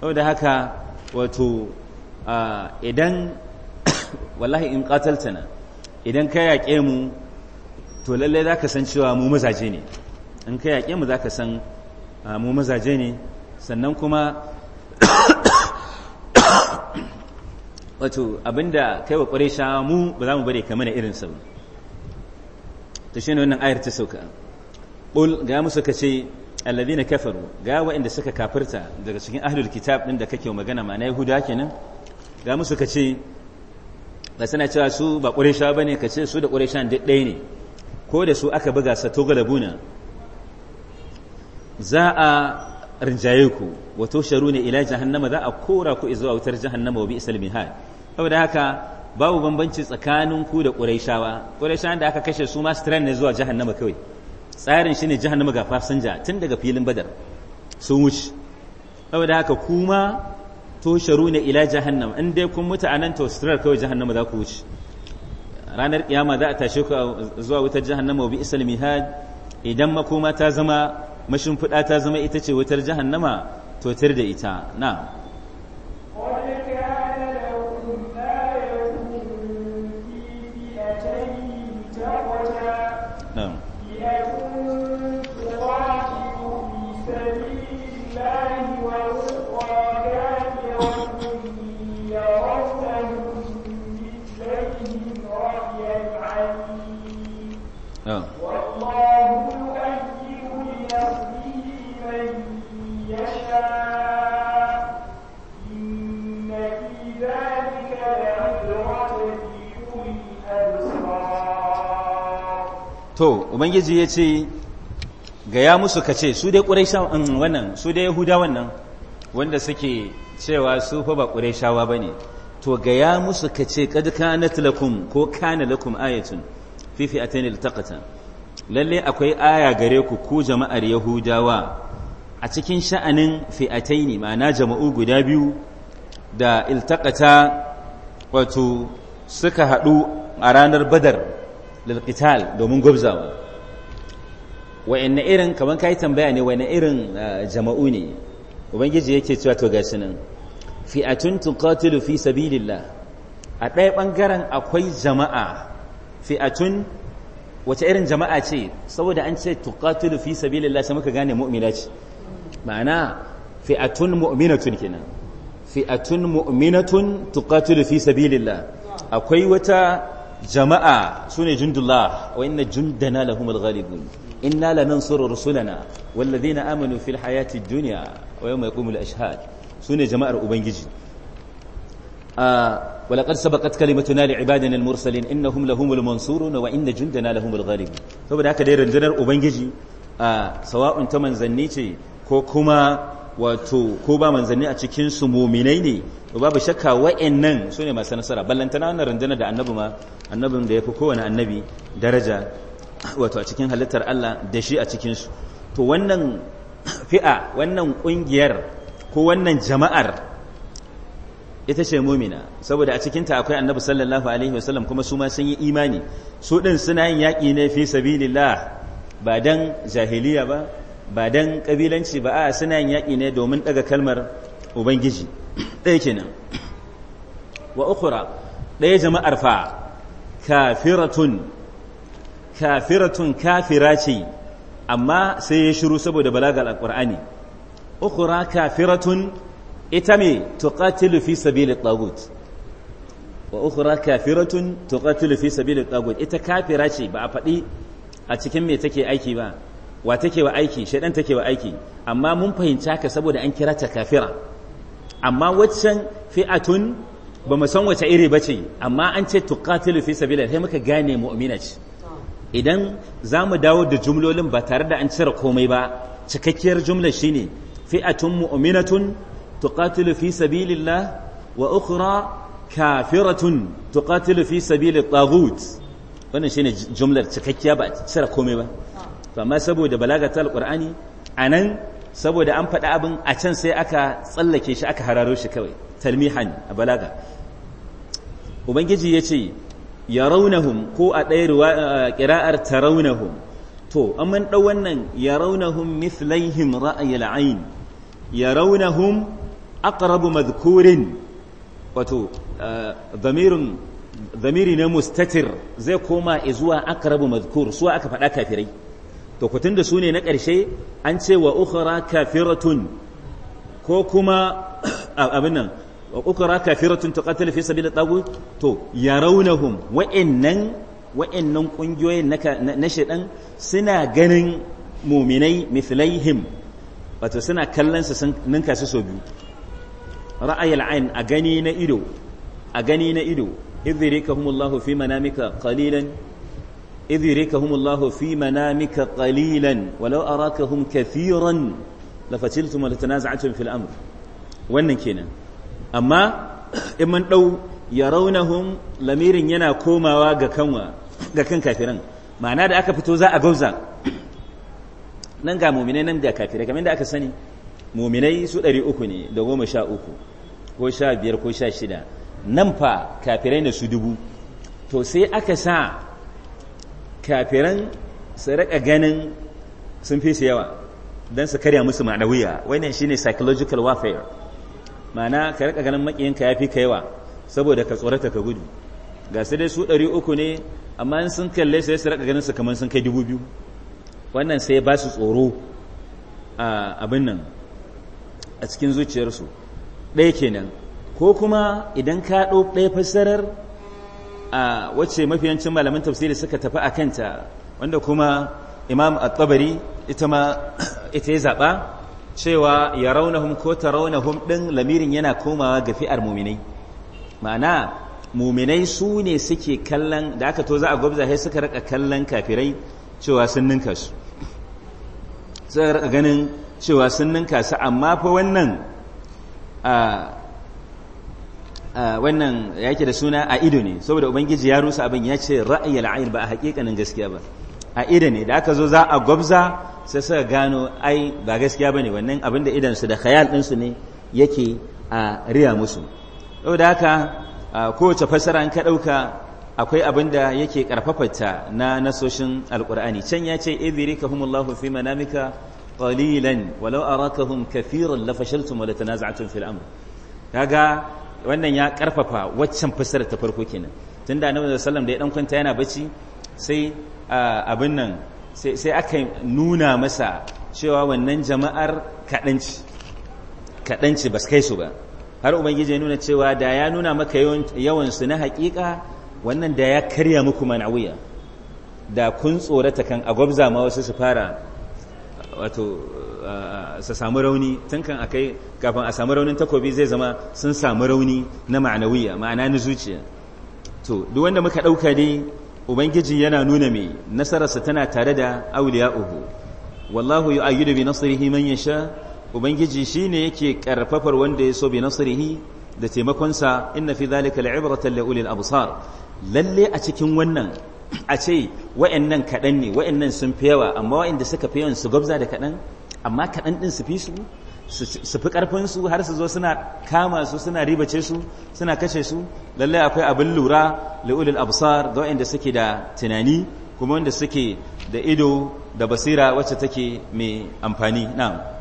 Speaker 1: saboda haka wato idan wallahi in qataltana idan ka yaƙe mu to lalle za ka san cewa mu mazaje ne in ka yaƙe mu za ka san mu mazaje ne sannan kuma wato abinda kai wa ƙwarisha mu ba za mu bare kamar irinsa ba ta shi ne wannan ayar ta sauka ɓul ga musu ka ce na kafaru ga waɗanda suka kafirta daga cikin ahlul kitab ɗin da kake magana ma na yahuda kenan ga musu ka ce ba suna cewa su ba ƙwarisha ba ne ka ce su da ƙwarisha duk ɗaya ne ko da su aka buga sa to galabuna za a Rinjayeku wa wato sharu ne ila jahannama za a kora ku zuwa wutar jahannama wa bi isal mihad saboda haka babu bambanci tsakanin ku da quraishawa quraishawan da aka kashe su ma stran ne zuwa jahannama kawai tsarin shine jahannama ga fasinja tun daga filin badar sun wuce saboda haka kuma to sharu ne ila jahannama in dai kun mutu a anan to stran kawai jahannama za ku wuce ranar kiyama za a tashe ku zuwa wutar jahannama wa bi isal mihad idan makoma ta zama mashimfiɗa ta zama ita ce wutar jahannama totar da ita na to ubangiji ya ce ga ya musu ka ce su dai ƙuraishawa wannan su dai yahuda wannan wanda suke cewa su fa ba ƙuraishawa ba ne to ga ya musu ka ce kad kanat lakum ko kana lakum ayatun fi fi'atayn takatan lalle akwai aya gare ku ku jama'ar yahudawa a cikin sha'anin fi'atai ne ma'ana jama'u guda biyu da iltakata wato suka haɗu a ranar badar lilqital domin gwabzawa wa'anne irin kaman kai tambaya ne irin jama'u ne ubangiji yake cewa to gashi nan fi'atun tuqatilu fi sabilillah a ɗaya bangaren akwai jama'a fi'atun wace irin jama'a ce saboda an ce tuqatilu fi sabilillah sai muka gane mu'mina ce ma'ana fi'atun mu'minatun kenan fi'atun mu'minatun tuqatilu fi sabilillah akwai wata jama'a sune jundullah wa inna jundana lahumul ghalibun inna lanansuru rusulana walladhina amanu fil hayati dunya wa yawma yaqumul ashhad sune jama'ar ubangiji ولقد سبقت كلمتنا لعبادنا المرسلين انهم لهم المنصورون وان جندنا لهم الغالبون saboda haka dai rundunar ubangiji ah, sawa'un ta manzanni ce ko kuma wato ko ba manzanni a cikin su muminai ne babu shakka wa'annan su ne masu nasara ballantana wannan rundunar da annabi ma annabin da ya fi kowane annabi daraja wato a cikin halittar Allah da shi a cikin su to wannan fi'a wannan kungiyar ko wannan jama'ar ita ce mumina saboda a cikinta akwai annabi sallallahu alaihi wasallam kuma su ma sun yi imani su din suna yin yaƙi ne fi sabilillah ba dan jahiliya ba ba dan kabilanci ba a suna yin yaƙi ne domin ɗaga kalmar ubangiji ɗaya kenan wa ukura ɗaya jama'ar fa kafiratun kafiratun kafira ce amma sai ya shiru saboda balagar alƙur'ani ukura kafiratun ita me tuqatilu fi sabili tagut wa ukura kafiratun tuqatilu fi sabili tagut ita kafira ce ba a faɗi a cikin me take aiki ba wa take wa aiki shaidan take wa aiki amma mun fahimci haka saboda an kira ta kafira amma waccan fi'atun ba mu san wace iri bace amma an ce tuqatilu fi sabilillah sai muka gane mu'mina ce idan za mu dawo da jumlolin ba tare da an cire komai ba cikakkiyar jumla shine fi'atun mu'minatun tuqatilu fi sabilillah wa ukhra kafiratun tuqatilu fi sabilit taghut wannan shine jumlar cikakkiya ba cire komai ba to amma saboda balagatul qur'ani anan saboda an faɗa abin a can sai aka tsallake shi aka hararo shi kawai talmihan a balaga ubangiji ya ce yaraunahum ko a ɗaya ƙira'ar taraunahum to an mun ɗau wannan yaraunahum mithlaihim ra'ayil ayn yaraunahum aqrabu madhkurin wato damirin na mustatir zai koma zuwa aqrabu madhkur su aka faɗa kafirai to ku su ne na ƙarshe an ce wa ukhra kafiratun ko kuma abin nan wa ukhra kafiratun tuqatil fi sabila tagut to yarawnahum wa'annan wa'annan kungiyoyin na na shedan suna ganin muminai mithlaihim wato suna kallon su ninka su so biyu ra'ayil ayn a gani na ido a gani na ido idh fi manamika qalilan إذ يريكهم الله في منامك قليلا ولو أراكهم كثيرا لفتلتم ولتنازعتم في الأمر wannan kenan amma in mun ɗau ya raunahun lamirin yana komawa ga kanwa da aka fito za a gauza muminai kamar da sani su ɗari uku ne da goma sha uku ko sha biyar ko sha shida nan fa kafirai na su dubu to sai aka sa kafiran su rika ganin sun fi su yawa don su karya musu ma'anawiya wannan shine psychological warfare ma'ana ka rika ganin makiyinka ya fi ka yawa saboda ka tsorata ka gudu ga su dai su ɗari uku ne amma in sun kalle sai su rika ganin su kamar sun kai dubu biyu wannan sai ba su tsoro a abin nan a cikin zuciyarsu ɗaya kenan ko kuma idan ka ɗau ɗaya fassarar wacce mafiyancin malaman tafsiri suka tafi a kanta wanda kuma imam al tabari ita ma ita ya zaɓa cewa ya raunahum ko ta hum ɗin lamirin yana komawa ga fi'ar muminai ma'ana muminai su ne suke kallon da aka to za a gwabza sai suka raka kallon kafirai cewa sun ninka su suka raka ganin cewa sun ninka su amma fa wannan Eh, wannan yake da suna a ido ne saboda ubangiji ya rusa abin ya ce ra'ayi ayn ba a hakikanin gaskiya ba a ido ne da aka zo za a gwabza sai suka gano ai ba gaskiya ba ne wannan abin da idonsu da khayal din su ne yake a riya musu saboda haka kowace fassara an ka ɗauka akwai abin da yake karfafata na nasoshin Alƙur'ani can ya ce idhrikahumullahu fi manamika qalilan walau arakahum kathiran lafashaltum wa latanaza'tum fil amr kaga wannan ya karfafa waccan fassarar ta farko kenan tunda annabi sallallahu da ya dan kwanta yana bacci sai abin nan sai aka nuna masa cewa wannan jama'ar kadanci kadanci bas kai su ba har ubangiji ya nuna cewa da ya nuna maka yawan su na hakika wannan da ya karya muku man'awiya da kun tsorata kan agwabza ma wasu su fara wato su samu rauni tun kan kafin a samu raunin takobi zai zama sun samu rauni na ma'anawiya ma'ana na zuciya to duk wanda muka ɗauka ne ubangiji yana nuna mai nasararsa tana tare da auliya'uhu wallahu yu'ayyidu bi nasrihi man yasha ubangiji shine yake karfafar wanda ya so bi da taimakonsa inna fi dhalika la'ibratan li ulil absar lalle a cikin wannan a ce nan kaɗan ne nan sun fi yawa amma da suka fi yawan su gwabza da kaɗan amma kaɗan ɗin su fi su su fi ƙarfinsu har su zo suna kama su suna ribace su suna kashe su lallai akwai abin lura li'ulil absar da suke da tunani kuma wanda suke da ido da basira wacce take mai amfani na'am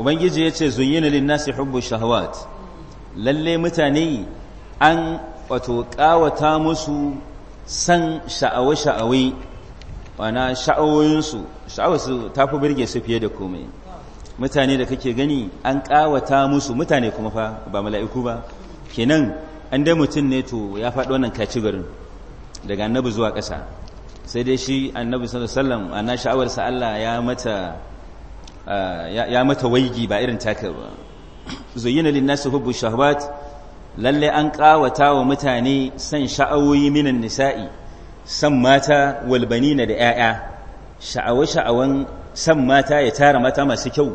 Speaker 1: ubangiji ya ce zuyyina linnasi hubbu shahawat lalle mutane an wato kawata musu san sha'awai shaawe wana sha'awoyinsu sha'awarsu ta fi birge su fiye da komai mutane da kake gani an kawata musu mutane kuma fa ba mala'iku ba kenan an dai mutum ne to ya faɗi wannan kaci garin daga annabi zuwa ƙasa sai dai shi annabi sallallahu alaihi wasallam ana sha'awarsa Allah ya mata ya mata waigi ba irin taka ba zuyyina linnasi hubbu shahwat lalle an kawata wa mutane san sha'awoyi minan nisa'i san mata banina da 'ya'ya sha'awa sha'awan san mata ya tara mata masu kyau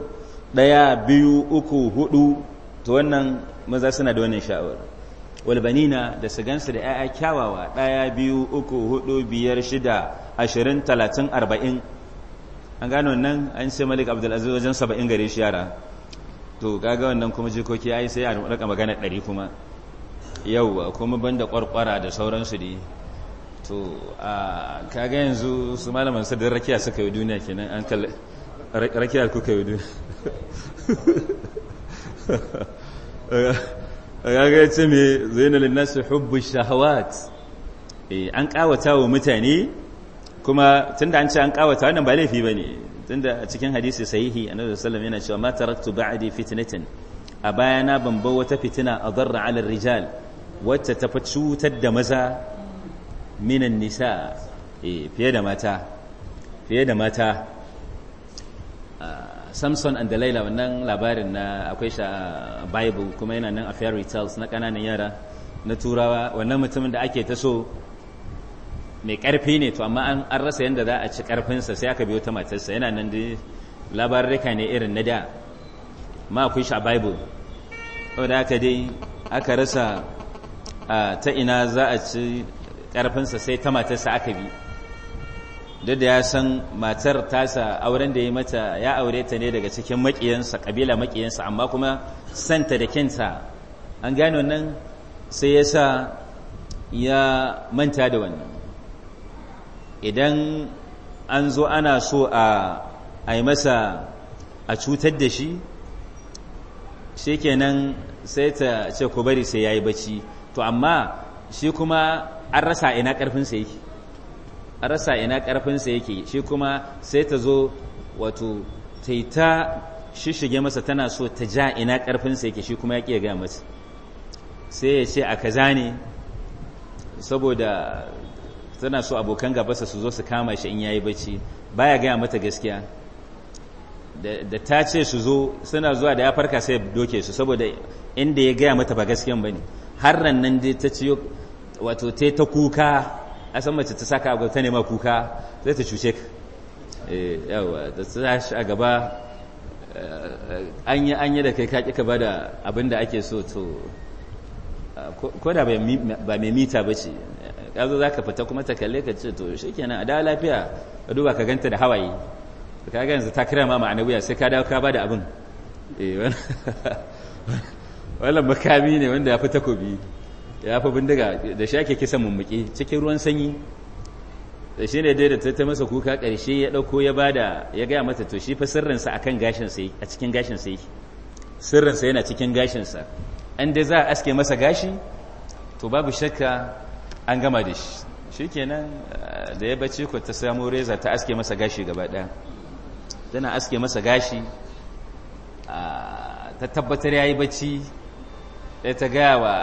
Speaker 1: ɗaya biyu uku hudu to wannan maza suna da wannan sha'awar banina da sigansu da 'ya'ya kyawawa ɗaya biyu uku hudu biyar shida ashirin talatin arba'in an gano wannan an ce malik abdulaziz wajen saba'in gare shi yara to kaga wannan kuma jikoki ya yi sai a rika magana ɗari kuma yau kuma banda kwarkwara da sauransu ne to a kaga yanzu su malaman sadar rakiya suka yi duniya kenan an kalli rakiya kuka yi duniya kaga ya ce mai zainalin nasu hubbu shahawat eh, an kawata wa mutane kuma tunda an ce an kawata wannan ba laifi bane tunda a cikin hadisi sahihi annabi sallallahu alaihi yana cewa ma taraktu ba'di fitnatin a bayana ban bar wata fitina a zarra ala rijal wacce ta fa cutar da maza minan nisa eh fiye da mata fiye da mata ah, Samson and Delilah wannan labarin na akwai shi a Bible kuma yana nan a fairy tales na kananan yara na turawa wannan mutumin da ake ta so mai karfi ne to amma an rasa yadda za a ci karfinsa sai aka biyo ta matarsa yana nan da rika ne irin na da ma akwai sha bible wadda aka dai aka rasa ta ina za a ci karfinsa sai ta matarsa aka bi duk da ya san matar tasa auren da ya mata ya aure ta ne daga cikin makiyansa kabila makiyansa amma kuma santa da kinta an gano nan sai ya sa ya manta da wannan idan an zo ana so a yi masa a cutar da shi shi kenan sai ta ce ku bari sai ya yi bacci to amma shi kuma an rasa ina ƙarfinsa yake an rasa ina ƙarfinsa yake shi kuma sai ta zo wato ta yi ta shishige masa tana so ta ja ina ƙarfinsa yake shi kuma ya ƙiya gaya masa sai ya ce a kaza ne saboda tana so abokan gabasa su zo su kama shi in yayi bacci baya gaya mata gaskiya da ta ce su zo suna zuwa da ya farka sai doke su saboda inda ya gaya mata ba gaskiyan bane har nan dai ta ciyo wato ta ta kuka a san mace ta saka abu ta nema kuka sai ta cuce ka eh yawa da ta shi a gaba eh, an yi da kai ka kika bada abin da ake so to ko da ba mai mita bace ya zo za fita kuma ta kalle ka ce to shi kenan a da lafiya ka duba ka ganta da hawaye ka ga yanzu ta kira ma ma'ana wuya sai ka dawo ka ba da abin eh, wannan makami ne wanda ya fi takobi ya fi bindiga da shi ake kisan mummuke cikin ruwan sanyi da shi ne dai da ta masa kuka karshe ya dauko ya bada ya gaya mata to shi fa sirrinsa a kan gashinsa a cikin gashinsa yake sirrinsa yana cikin gashinsa an dai za a aske masa gashi to babu shakka an gama da shi kenan eh, da ya bace ku ta samu reza ta aske masa gashi gaba ɗaya tana aske masa gashi ta tabbatar ya yi bacci sai ta gaya wa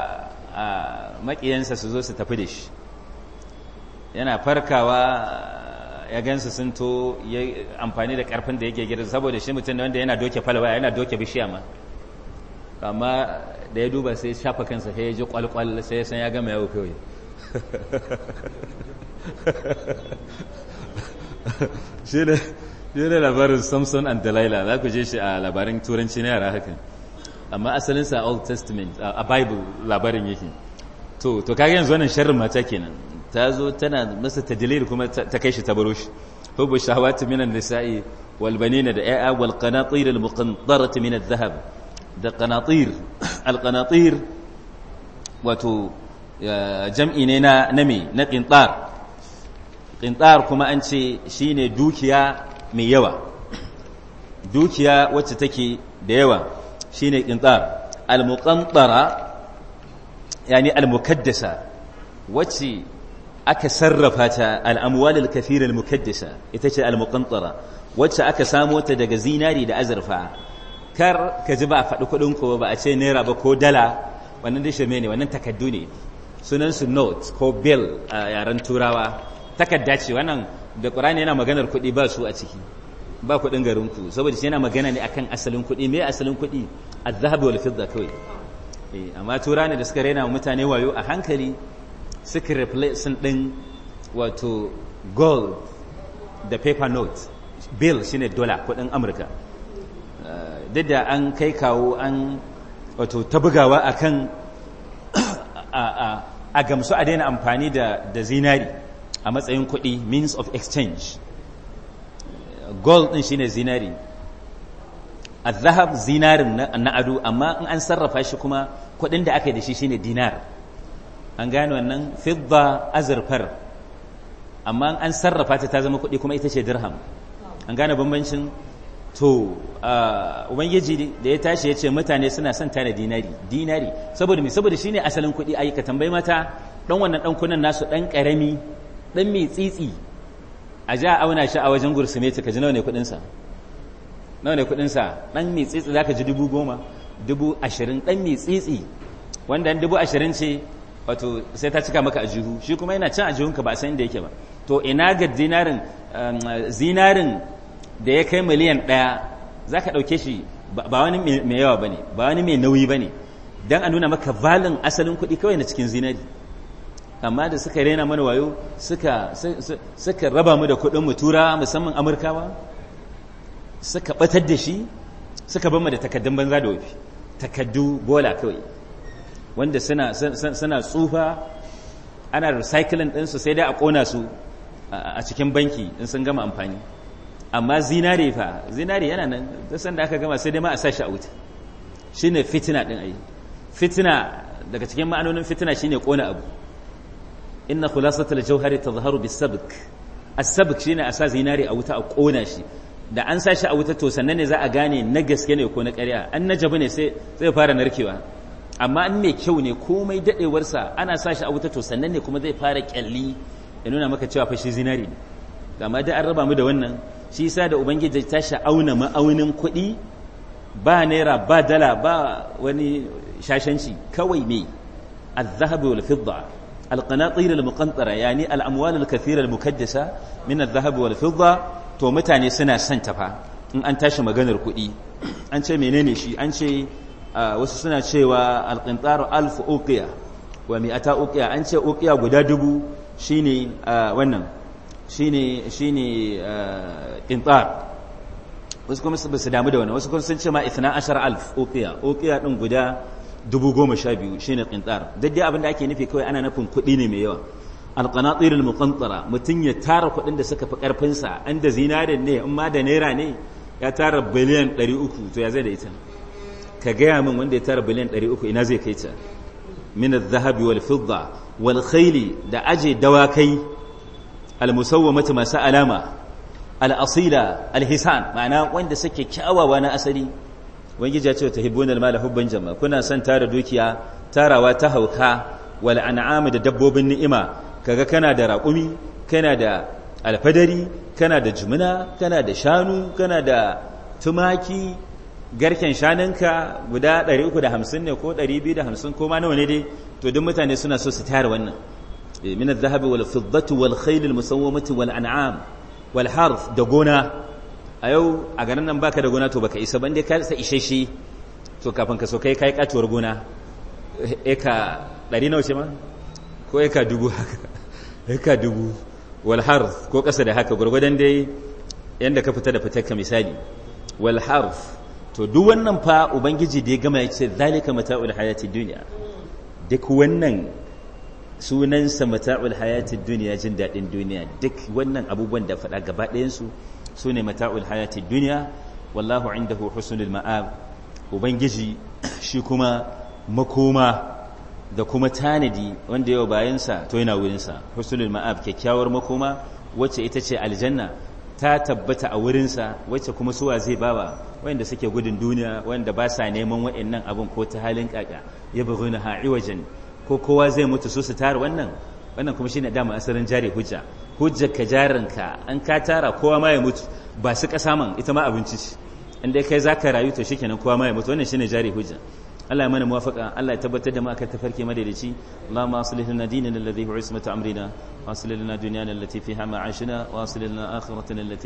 Speaker 1: maƙiyansa su zo su tafi da shi yana farkawa ya gansu sun to ya amfani da ƙarfin da ke gida saboda shi mutum wanda yana doke falawa yana doke bishiya ma amma da ya duba sai shafa kansa sai ya ji kwalkwal sai ya san ya gama yawo kawai shi ne labarin samson and delilah za ku je shi a labarin turanci na yara haka amma asalinsa a old testament a bible labarin yake to to kage yanzu wannan sharrin mata kenan ta zo tana masa tajlil kuma ta kai shi ta baro shi hubu shahawati minan nisa'i wal banina da ya'a wal qanatir al muqantarati min adh-dhahab da qanatir al qanatir wato Eh, jam'i ne na na na qintar qintar kuma an ce ne dukiya mai yawa dukiya wacce take da yawa shi ne al-muqantara yani wacce aka sarrafa ta al kafirin mukaddasa ita ce al-muqantara wacce aka samo ta daga zinari da azurfa kar ka ji ba a faɗi kuɗin ko ba a ce naira ba ko dala wannan dai shirme ne wannan takaddu ne sunansu note ko bill a yaren turawa takarda ce wannan da ƙurani yana maganar kuɗi ba su a ciki ba kuɗin garinku saboda shi yana magana ne akan asalin kuɗi me asalin kuɗi a azhabi wal fidda kawai eh, amma turani da suka raina mutane wayo a hankali suka sun din wato gold da paper note bill shine dola kuɗin amurka eh, duk da an kai kawo an wato ta bugawa akan a gamsu a daina amfani da zinari a matsayin kuɗi means of exchange gold ɗin shine zinari a azahab zinarin na ado amma in an sarrafa shi kuma kuɗin da aka yi da shi shine dinar an gane wannan fidda azurfar amma an sarrafa ta ta zama kuɗi kuma ita ce dirham an gane bambancin to ubangiji da ya tashi ya ce mutane suna son tana dinari dinari saboda me saboda shine asalin kuɗi ayi ka tambayi mata ɗan wannan dan kunan nasu dan karami dan mai tsitsi a ja auna shi a wajen gursumeti ka ji nawa ne kuɗinsa nawa ne kuɗinsa ɗan dan mai tsitsi za ka ji dubu goma dubu ashirin dan mai tsitsi wanda dubu ashirin ce wato sai ta cika maka ajihu shi kuma yana cin ajihunka ba a san inda yake ba to ina ga dinarin um, zinarin da ya kai miliyan ɗaya za ka ɗauke shi ba wani mai yawa ba ne ba wani mai nauyi ba ne don a nuna maka valin asalin kuɗi kawai na cikin zinari amma da suka rena mana wayo suka raba mu da kuɗin mu tura musamman amurkawa suka ɓatar da shi suka bar mu da takaddun banza da wafi takaddu bola kawai wanda suna tsufa ana recycling ɗinsu sai dai a ƙona su a cikin banki in sun gama amfani amma zinare fa zinare yana nan da sanda aka gama sai dai ma a sashi a wuta shine fitina din ai fitina daga cikin ma'anonin fitina shine kona abu inna khulasatul jawhari tadhharu bisabk as-sabk shine a sa zinare a wuta a kona shi da an sashi a wuta to sannan ne za a gane na gaske ne ko na ƙarya an najabu ne sai zai fara narkewa amma an mai kyau ne komai dadewarsa ana sashi a wuta to sannan ne kuma zai fara kyalli ya nuna maka cewa fa shi zinari ne amma dai an raba mu da wannan shi sa da ubangiji ta sha'auna ma'aunin kuɗi ba naira ba dala ba wani shashanci kawai ne الذهب والفضة القناطير المقنطرة al الأموال min المكدسة من wal والفضة to mutane suna son tafa in an tashi maganar kuɗi an ce menene shi an ce wasu suna cewa alƙintaru alfu uqiya wa mi'ata uqiya an ce uqiya guda dubu shine wannan shine shine qintar eh, wasu kuma ba su damu da wani wasu kuma sun ce ma 12000 okiya okiya din guda 12000 shine qintar duk dai abin da ake nufi kawai ana nufin kuɗi ne mai yawa alqanatir almuqantara mutun ya tara kuɗin da suka fi karfin sa an da zinarin ne in ma da naira ne ya tara biliyan 300 to ya zai da ita ka gaya min wanda ya tara biliyan 300 ina zai kai ta min adh-dhahabi wal fidda wal khayli da aje dawakai almusawwamati masu alama al'asila alhisan ma'ana wanda suke kyawawa na asali wangiji ya ce ta yi mala hubban jama kuna son tara dukiya tarawa ta hauka wal an'am da dabbobin ni'ima kaga kana da raƙumi kana da alfadari kana da jumuna kana da shanu kana da tumaki garken shanunka guda 350 ne ko 250 ko ma nawa ne dai to duk mutane suna so su tara wannan min adh-dhahabi wal fiddati wal khayl al musawwamati wal an'am wal harth da gona a yau a garin nan baka da gona to baka isa ba inda ka isa isheshe to kafin ka so kai kai katuwar gona eka ɗari nawa ce ma ko eka dubu haka eka dubu wal harth da haka gwargwadon dai yanda ka fita da ka misali wal to wannan fa ubangiji da ya gama ya ce zalika mata'ul hayati duniya duk sunansa mata'ul hayatid duniya jin daɗin duniya duk wannan abubuwan da faɗa gaba ɗayansu su ne mata'ul hayatid duniya wallahu indahu husnul ma'ab ubangiji shi kuma makoma da kuma tanadi wanda yau bayansa to yana wurinsa husnul ma'ab kyakkyawar makoma wacce ita ce aljanna ta tabbata a wurinsa wacce kuma suwa zai bawa wanda suke gudun duniya wanda ba sa neman wa'annan abin ko ta halin kaka ya bugu na wajen. ko kowa zai mutu su su tara wannan wannan kuma shine dama asalin jari hujja hujja ka jarinka an ka tara kowa ma ya mutu ba su kasa man ita ma abinci ce inda kai za ka rayu to shikenan kowa ma ya mutu wannan shine jari hujja Allah ya mana muwafaqa Allah ya tabbatar da mu akan tafarki madaidaici Allahumma aslih lana dinana alladhi huwa ismatu amrina wa aslih lana dunyana allati fiha ma'ashina wa aslih lana akhiratana allati